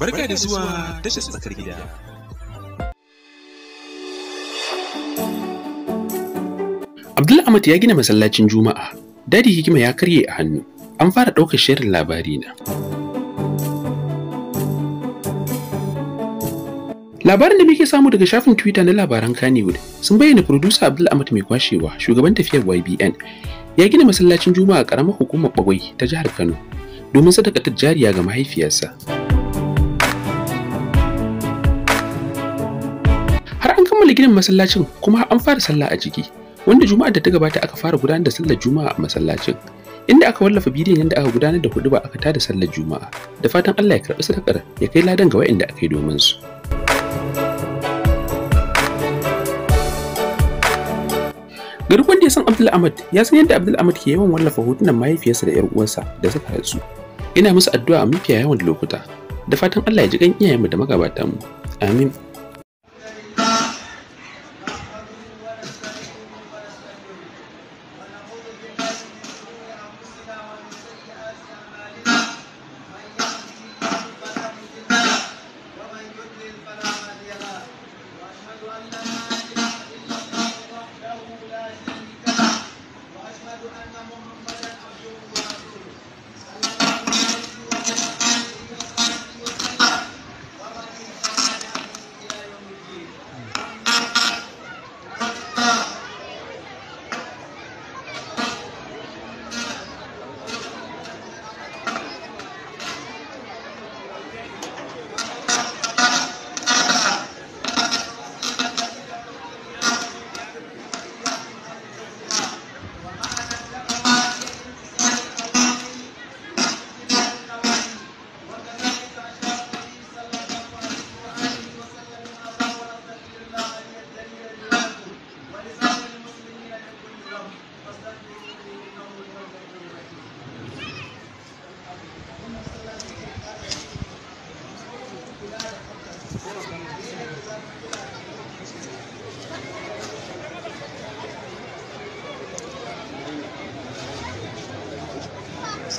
Barka da zuwa tashar tsakar gida. Abdulhamid ya gina masallacin Juma'a, dadi hikima ya karye a hannu, an fara ɗaukar shirin labari na. Labarin da muke samu daga shafin Twitter na labaran Kannywood sun bayyana producer Abdulhamid mai kwashewa shugaban tafiyar YBN ya gina masallacin Juma'a a ƙaramar hukumar Bagwai ta jihar Kano domin sadaka ta jariya ga mahaifiyarsa. kammala ginin masallacin kuma an fara sallah a ciki wanda juma'ar da ta gabata aka fara gudanar da sallar juma'a a masallacin inda aka wallafa bidiyon yadda aka gudanar da hudu ba aka tada sallar juma'a da fatan Allah ya karɓi sadakar ya kai ladan ga wa'inda aka yi domin su. ga duk wanda ya san Abdul Ahmad ya san yadda Abdul Ahmad ke yawan wallafa hotunan mahaifiyarsa da 'yar uwarsa da suka haɗu ina musu addu'a a mafiya yawan lokuta da fatan Allah ya ji kan iyayenmu da magabatanmu. amin أشهد أن محمد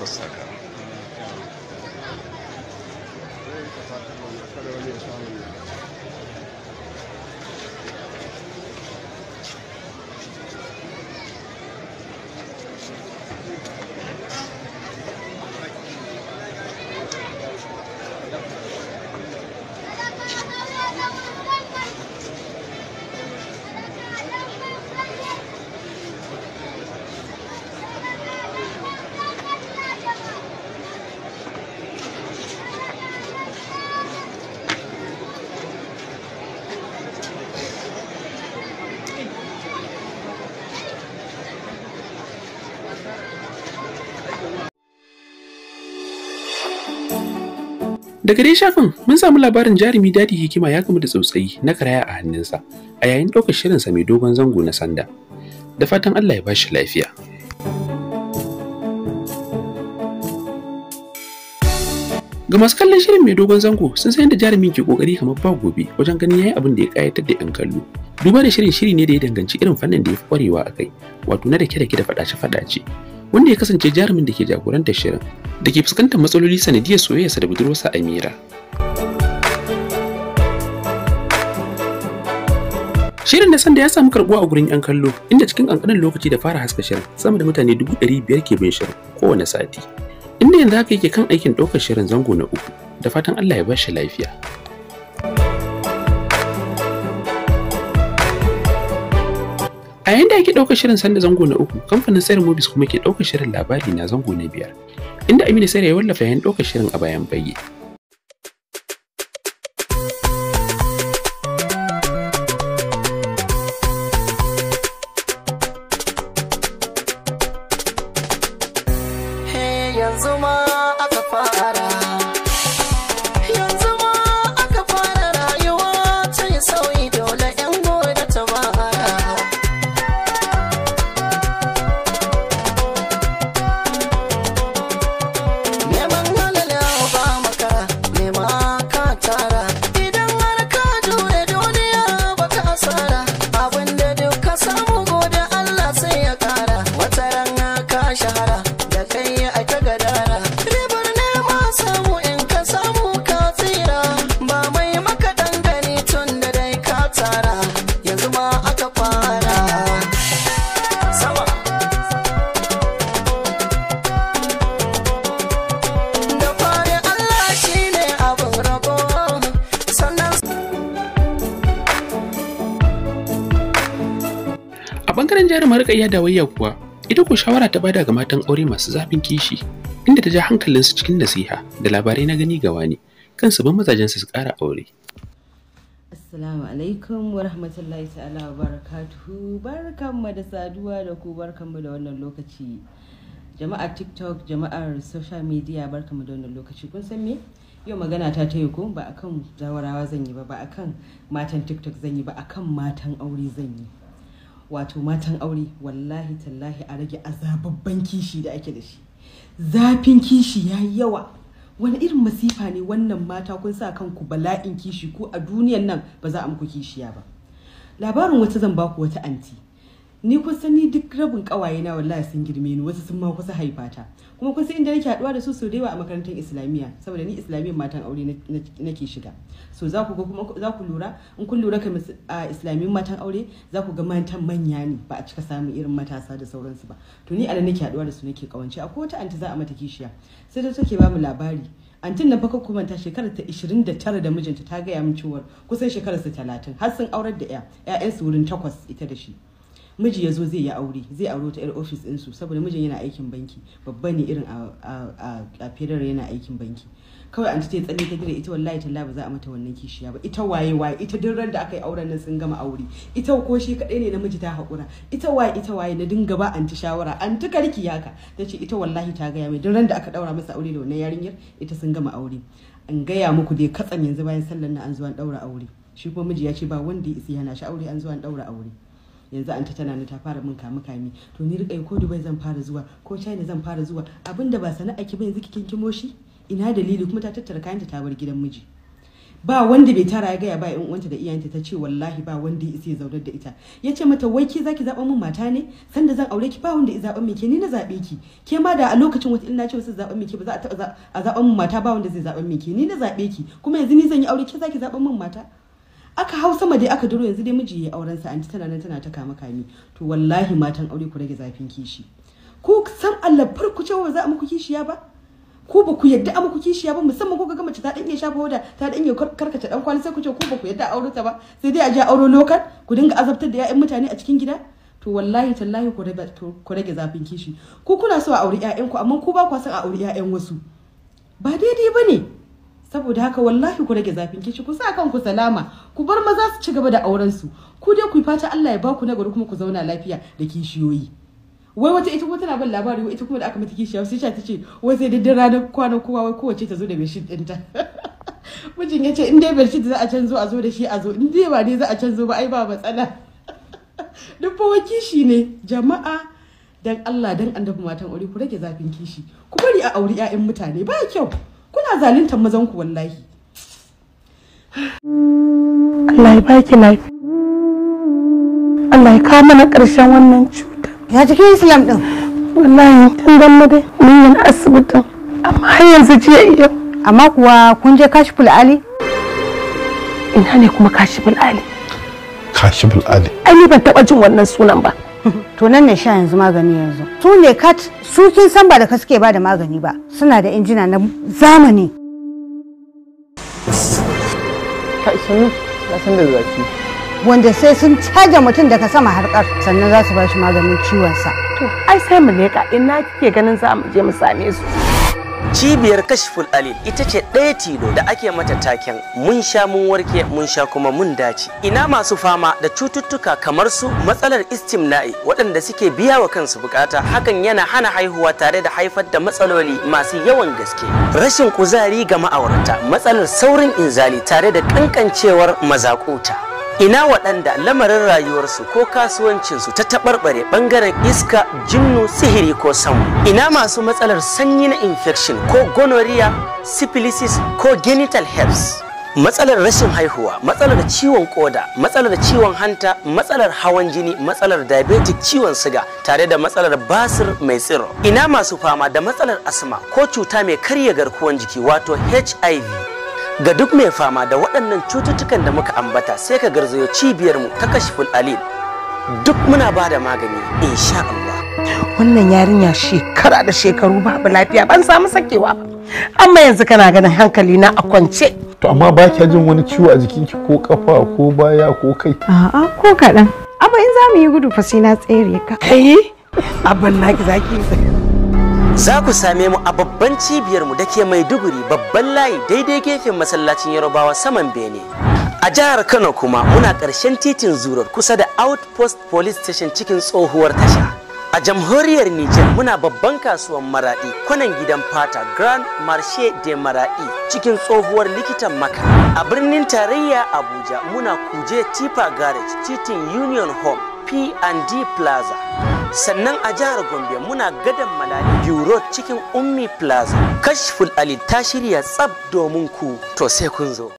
essa saga. Daga dai shafin mun samu labarin jarumi dadi hikima ya kuma da tsautsayi na karaya a hannunsa a yayin ɗaukar shirinsa mai dogon zango na sanda. Da fatan Allah ya bashi lafiya. Ga masu kallon shirin mai dogon zango sun san yadda jarumi ke kokari kamar ba gobe wajen ganin yayi abin da ya kayatar da 'yan kallo. Duba da shirin shiri ne da ya danganci irin fannin da ya fi kwarewa a kai, wato na da kira da fadace faɗace wanda ya kasance jarumin da ke jagorantar shirin da ke fuskantar matsaloli sanadiyar soyayyarsa da budurwarsa Amira. Shirin na sanda ya samu karbuwa a gurin 'yan kallo inda cikin kankanin lokaci da fara haska shirin sama da mutane dubu ɗari biyar ke bin shirin kowane sati. Inda yanzu haka yake kan aikin ɗaukar shirin zango na uku da fatan Allah ya ba shi lafiya. A yanda da ake ɗaukar shirin sanda zango na uku, kamfanin sayar Mobis kuma ke ɗaukar shirin labari na zango na biyar, inda Amina sayar ya wallafa yayin ɗaukar shirin a bayan bayyana. jarumar ƙayya da wayya kuwa ita ko shawara ta bada ga matan aure masu zafin kishi inda ta ja hankalinsu cikin nasiha da labarai na gani ga wani kan sabon mazajen mazajensu su ƙara aure. Assalamu alaikum wa rahmatullahi ta'ala wa barakatuhu barkanmu da saduwa da ku barkanmu da wannan lokaci jama'ar tiktok jama'ar social media barkanmu da wannan lokaci kun san me yau magana ta ta yi ko ba akan jawarawa zan yi ba ba akan matan tiktok zan yi ba akan matan aure zan yi wato matan aure wallahi tallahi a rage azababban kishi da ake da shi zafin kishi ya yi yawa wani irin masifa ne wannan mata kun sa kanku bala'in kishi ko a duniyan nan ba za a muku kishiya ba labarin wata zan baku wata anti ni kun san ni duk rabin kawaye na wallahi sun girme ni wasu sun ma kusa haifata kuma kun san inda nake haduwa da su so da yawa a makarantar islamiyya saboda ni islamiyyar matan aure nake shiga so za ku ga kuma za ku lura in kun lura kai a islamiyyar matan aure za ku ga matan manya ne ba a cika samun irin matasa da sauransu ba to ni anan nake haduwa da su nake kawance a kowace anti za a mata kishiya sai ta take ba mu labari antin na baka kuma ta shekarar ta 29 da mijinta ta gaya mun cewa kusan shekarar sa 30 har sun aurar da su wurin takwas ita da shi miji ya zo zai yi aure zai aure ta yar ofis ɗinsu saboda mijin yana aikin banki babba ne irin a federal yana aikin banki kawai an ta tsalle ta gida ita wallahi talla ba za a mata wannan kishiya ba ita waye waye ita duk ran da aka yi auren nan sun gama aure ita ko shi kadai ne namiji ta haƙura ita waye ita waye na dinga ba anti shawara anti karki yaka ta ce ita wallahi ta gaya mai duk ran da aka daura masa aure da wannan yarinyar ita sun gama aure an gaya muku dai katsan yanzu bayan sallar na an zuwa an daura aure shi ko miji ya ce ba wanda ya isi yana shi aure an zuwa an daura aure yanzu an ta tana ta fara min kamu kame to ni rika ko dubai zan fara zuwa ko china zan fara zuwa abinda ba sana'a ki ba yanzu kikin kimo shi ina dalili kuma ta tattara kayanta ta bar gidan miji ba wanda bai tara ya gaya ba yan uwanta da iyayenta ta ce wallahi ba wanda ya isa zaunar da ita ya ce mata wai ke zaki zaɓa min mata ne sanda zan aure ki ba wanda ya zaɓa min ke ni na zaɓe ki ke ma da a lokacin wata ina ce wasu zaɓa min ke ba za a zaɓa min mata ba wanda zai zaɓa min ke ni na zaɓe ki kuma yanzu ni zan yi aure ke zaki zaɓa min mata aka hau sama dai aka duro yanzu dai miji ya auren sa anti tana nan tana ta kama kami to wallahi matan aure ku rage zafin kishi ku san Allah farko cewa za a muku kishiya ba ko ba ku yadda a muku kishiya ba musamman ko ga mace ta dan iya shafa hoda ta dan iya karkata dan kwali sai ku ce ko ba ku yadda aure ta ba sai dai a je auro lokal ku dinga azabtar da ƴaƴan mutane a cikin gida to wallahi tallahi ku rage zafin kishi ku kuna so a auri 'ya'yanku, amma ku ba ku san a aure 'ya'yan wasu ba daidai ba ne saboda haka wallahi ku rage zafin kishi, ku sa kanku salama ku bar maza su ci gaba da auren su ku dai ku fata Allah ya ba ku nagari kuma ku zauna lafiya da kishiyoyi wai wata ita kuma tana bin labari wai ita kuma da aka mata kishiya sai ta ce wai sai daddare ranar kwana kowa wai kowace ta zo da bishin ɗinta mijin ya ce in dai bishin za a canzo a zo da shi a zo in dai ba dai za a canzo ba ai ba matsala duk fa kishi ne jama'a dan Allah dan annabi matan aure ku rage zafin kishi ku bari a auri 'ya'yan mutane ba kyau kuna zaluntar mazan ku wallahi Allah ya baki lafiya Allah ya kawo mana ƙarshen wannan cuta ya cikin islam din wallahi tun dan mu dai mun yi asibitin amma har yanzu jiya iya amma kuwa kun je kashiful ali ina ne kuma kashiful ali kashiful ali ai ban taba jin wannan sunan ba to nan ne sha yanzu magani yanzu su ne kat su kin san ba da ka suke ba da magani ba suna da injina na zamani wanda sai sun caja mutum daga sama harkar sannan za su ba shi maganin ciwon sa to ai sai mu leka ina kike ganin za mu je mu same su cibiyar kashful alil ita ce ɗaya tilo da ake mata taken mun sha mun warke mun sha kuma mun dace ina masu fama da cututtuka kamar su matsalar istimna'i waɗanda suke biya wa kansu bukata hakan yana hana haihuwa tare da haifar da matsaloli masu yawan gaske rashin kuzari ga ma'aurata matsalar saurin inzali tare da kankancewar mazakuta ina waɗanda lamarin rayuwarsu ko kasuwancinsu ta taɓarɓare ɓangaren iska jinnu sihiri ko samu ina masu matsalar sanyi na infection ko gonorrhea syphilis ko genital herpes matsalar rashin haihuwa matsalar ciwon koda matsalar ciwon hanta matsalar hawan jini matsalar diabetic ciwon siga tare da matsalar basir mai tsiro ina masu fama da matsalar asma ko cuta mai karya garkuwan jiki wato hiv Ga duk mai fama da waɗannan cututtukan da muka ambata sai ka garzayo cibiyarmu ta kashiful alil. Duk muna ba da magani insha Allah. Wannan yarinya shekara da shekaru babu lafiya ban samu sakewa ba. Amma yanzu kana ganin hankali na a kwance. To amma ba kya jin wani ciwo a jikinki ko kafa ko baya ko kai? A'a ko kaɗan. Amma in za mu yi gudu fa sai na tsere ka. Kai? Abin naki zaki yi Za ku same mu a babban cibiyarmu da ke Maiduguri babban layi daidai gefen masallacin Yarubawa saman Bene. A jihar Kano kuma muna ƙarshen titin zurar kusa da Outpost Police Station cikin tsohuwar tasha. A jamhuriyar Nijar muna babban kasuwar maraɗi kwanan gidan fata Grand Marché de Maraɗi cikin tsohuwar likitan maka. A birnin tarayya Abuja muna kuje Tipa Garage titin Union Home P&D Plaza. sannan a jihar gombe muna gadan malali bureau cikin ummi plaza kashful ali ta shirya tsab domin ku to sai kun zo